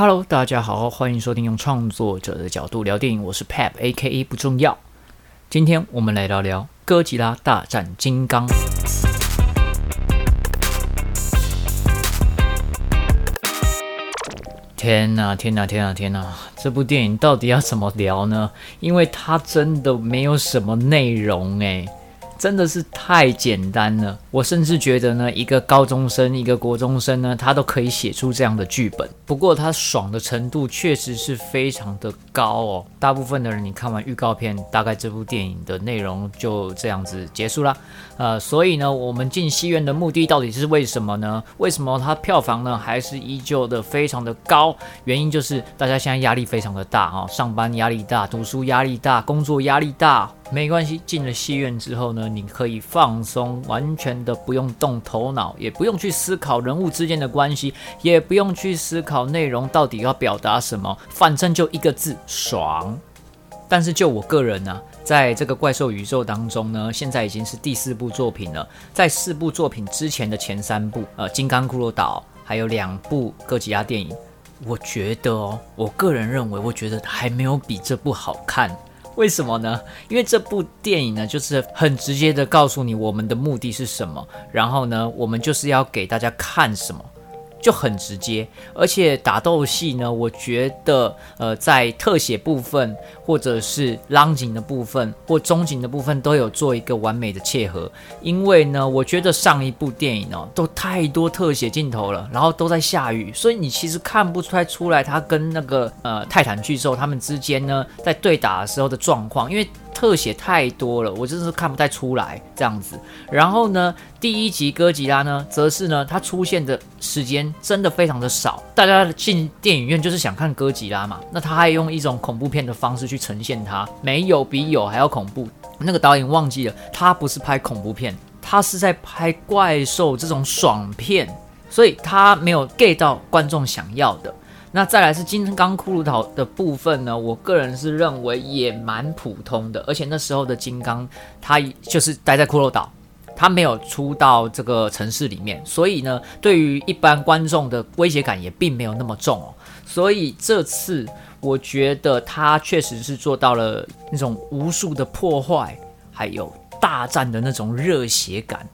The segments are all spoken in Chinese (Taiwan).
Hello，大家好，歡迎收聽用創作者的角度聊電影，我是 Pep，A.K.A 不重要。今天我們來聊聊《哥吉拉大戰金剛》啊。天吶、啊，天吶、啊，天吶，天吶！這部電影到底要怎麼聊呢？因為它真的沒有什麼內容哎。真的是太簡單了，我甚至覺得呢，一個高中生，一個國中生呢，他都可以寫出這樣的劇本。不過他爽的程度確實是非常的高哦。大部分的人你看完預告片，大概這部電影的內容就這樣子結束了。呃，所以呢，我們進戲院的目的到底是為什麼呢？為什麼它票房呢還是依舊的非常的高？原因就是大家現在壓力非常的大哈、哦，上班壓力大，讀書壓力大，工作壓力大。沒關係，進了戲院之後呢，你可以放鬆，完全的不用動頭腦，也不用去思考人物之間的關係，也不用去思考內容到底要表達什麼，反正就一個字，爽。但是就我個人呢、啊，在這個怪獸宇宙當中呢，現在已經是第四部作品了。在四部作品之前的前三部，呃，金剛骷髏島還有兩部哥吉拉電影，我覺得哦，我個人認為，我覺得還沒有比這部好看。為什麼呢？因為這部電影呢，就是很直接的告訴你我們的目的是什麼，然後呢，我們就是要給大家看什麼。就很直接，而且打鬥戲呢，我覺得呃，在特寫部分或者是浪 o 的部分或中景的部分都有做一個完美的切合，因為呢，我覺得上一部電影哦都太多特寫鏡頭了，然後都在下雨，所以你其實看不太出來它跟那個呃泰坦巨獸他們之間呢在對打的時候的狀況，因為。特寫太多了，我真是看不太出來這樣子。然後呢，第一集哥吉拉呢，則是呢，它出現的時間真的非常的少。大家進電影院就是想看哥吉拉嘛，那他還用一種恐怖片的方式去呈現它，沒有比有還要恐怖。那個導演忘記了，他不是拍恐怖片，他是在拍怪獸這種爽片，所以他沒有 get 到觀眾想要的。那再來是金剛骷髏島的部分呢，我個人是認為也蠻普通的，而且那時候的金剛他就是待在骷髏島，他沒有出到這個城市裡面，所以呢，對於一般觀眾的威脅感也並沒有那麼重哦。所以這次我覺得他確實是做到了那種無數的破壞，還有大戰的那種熱血感。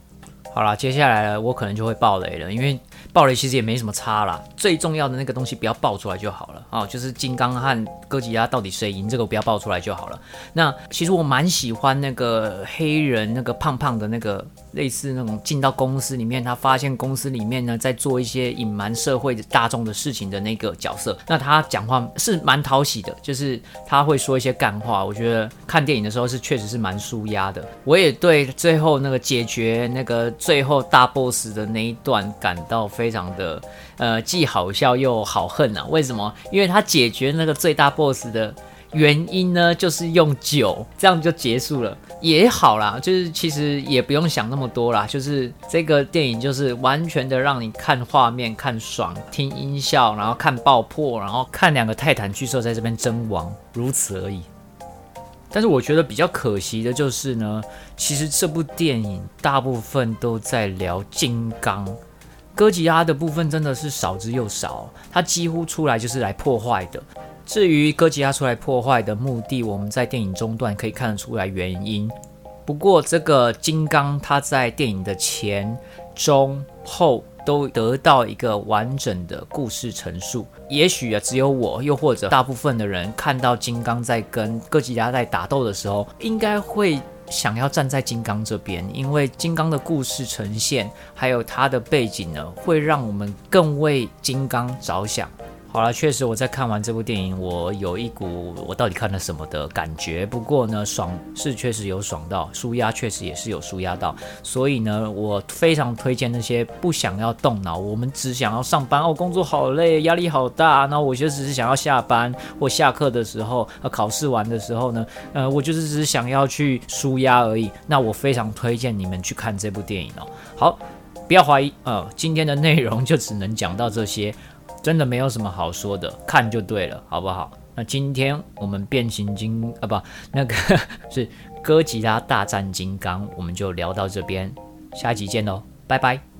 好了，接下來我可能就會爆雷了，因為爆雷其實也沒什麼差啦，最重要的那個東西不要爆出來就好了啊、哦。就是金剛和哥吉拉到底誰贏，這個不要爆出來就好了。那其實我蠻喜歡那個黑人那個胖胖的那個，類似那種進到公司裡面，他發現公司裡面呢在做一些隱瞞社會的大眾的事情的那個角色。那他講話是蠻討喜的，就是他會說一些干話，我覺得看電影的時候是確實是蠻舒壓的。我也對最後那個解決那個。最後大 boss 的那一段感到非常的呃，既好笑又好恨啊。為什麼？因為他解決那個最大 boss 的原因呢，就是用酒，這樣就結束了，也好啦，就是其實也不用想那麼多啦，就是這個電影就是完全的讓你看畫面看爽，聽音效，然後看爆破，然後看兩個泰坦巨獸在這邊爭王，如此而已。但是我覺得比較可惜的就是呢，其實這部電影大部分都在聊金剛，哥吉拉的部分真的是少之又少，它幾乎出來就是來破壞的。至於哥吉拉出來破壞的目的，我們在電影中段可以看得出來原因。不過這個金剛，它在電影的前、中、後，都得到一個完整的故事陳述。也許啊，只有我，又或者大部分的人看到金剛在跟哥吉拉在打鬥的時候，應該會想要站在金剛這邊，因為金剛的故事呈現還有它的背景呢，會讓我們更為金剛着想。好了，確實我在看完這部電影，我有一股我到底看了什麼的感覺。不過呢，爽是確實有爽到，舒壓確實也是有舒壓到。所以呢，我非常推薦那些不想要動腦，我們只想要上班哦，工作好累，壓力好大。那我就只是想要下班或下課的時候，呃，考試完的時候呢，呃，我就是只是想要去舒壓而已。那我非常推薦你們去看這部電影哦。好，不要懷疑，呃，今天的內容就只能講到這些。真的沒有什麼好說的，看就對了，好不好？那今天我們變形金啊，不，那個 是哥吉拉大戰金剛，我們就聊到這邊，下一集見嘍，拜拜。